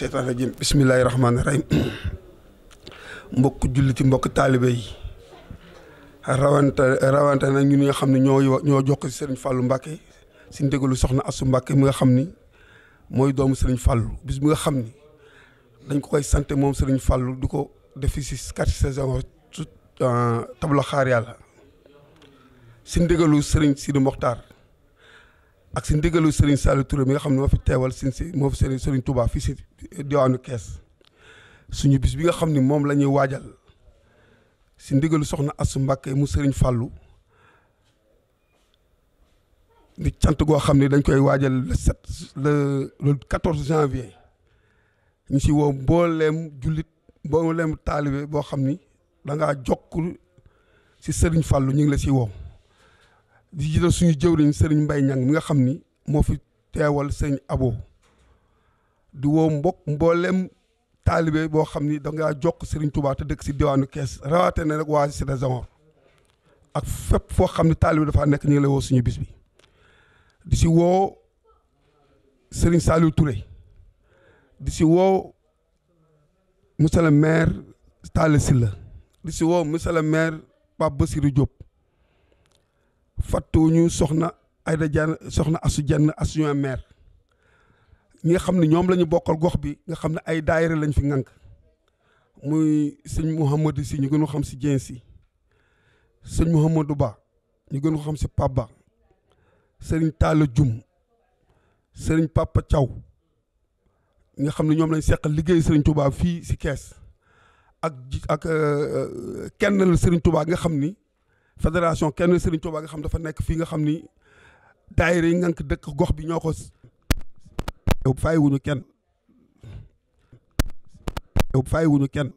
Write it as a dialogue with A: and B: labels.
A: seytaan rajim bismillaahi rahmaani rahim mbokk julliti mbokk taalibe yi rawante rawante nag ñun nga xam ne ñoo ñoo jokk si seen Fallou Mbacke si ndégalu soxna Assou Mbacke mi nga xam ni mooy doomu sëriñ Fallou bis bi nga xam ni dañ ko koy sant moom sëriñ Fallou di ko def si quatre saisons su euh, tabla xaar yàlla si ndégalu sëriñ Sidi Mokhtar ak si ndigalu Serigne Saliou Touré mi nga xam ne moo fi teewal sin si moo fi Serigne Serigne Touba fii si diwaanu Kees suñu bis bi nga xam ni moom lañuy waajal si ndigalu soxna Asu Mbàkke mu Serigne Fallou di cant goo xam ne dañ koy waajal le sept le le quatorze janvier ñu si woo mbooleem jullit mbooleem taalibe boo xam ni danga ngaa jokk si Serigne Fallou ñu ngi la si woo. di jiital suñu jëwriñ sëriñ mbay ñan mi nga xam ni moo fi wal sëriñ Abo di woo mbokk mboolem taalibee boo xam ni da ngaa jokk sëriñ Touba te dëkk si diwaanu Kees rawaate na nag waa Cité Senghor ak fépp foo xam ne taalibe dafaa nekk ñu lay woo suñu bis di si woo sëriñ Saliou ture di si woo monsieur le maire Talla Sylla di si woo monsieur le maire Pape Bassirou Diop ñu soxna Aida Diagne soxna Asou Diagne suñu maire ñi nga xam ne ñoom lañu ñu bokkal gox bi nga xam ne ay daayira lañ fi ŋànk muy sëñ Mouhamadou si ñu gën ko xam si Dieng si sëñ Mouhamadou Ba ñu gën ko xam si Pape sëriñ Talla jum sëriñ Papa caw nga xam ne ñoom lañ seqal liggéey sëriñ Touba fii si kees ak ak euh, kenn la sëriñ Touba nga xam ni. fédération kenn Serigne Touba nga xam dafa nekk fi nga xam ni daayira yi ngànk dëkk gox bi ñoo ko fàyyiwuñu kenn fàyyiwuñu kenn